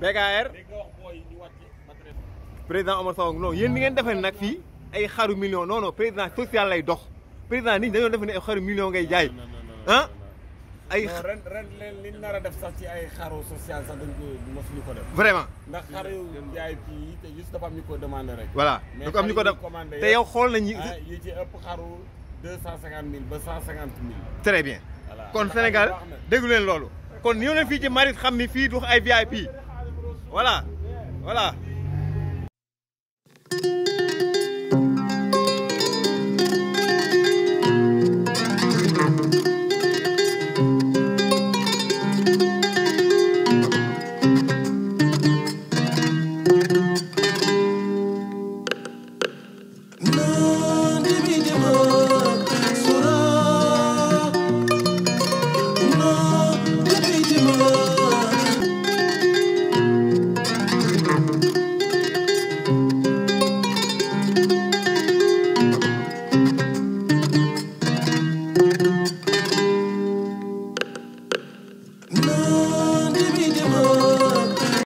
BKR président Omar Sow non yéen ni ngeen defee nag fii ay xaru million non non président social lay dox président nit ñi dañoo defe ne ay xaru million ngay jaay ah. ay ren ren leen li def sax ci ay xaru social sax dañ ko mosuñu ko def. vraiment ndax xaru jaay fii dafa am ñu ko demandé rek. voilà dafa am ñu ko demandé te yow xool na ah, yi ci ëpp xaru deux cent cinquante mille ba cent cinquante mille. très bien kon Sénégal déglu leen loolu kon ñëw leen fii ci Maristes xam ni fii du ay VIP. Voilà. Voilà.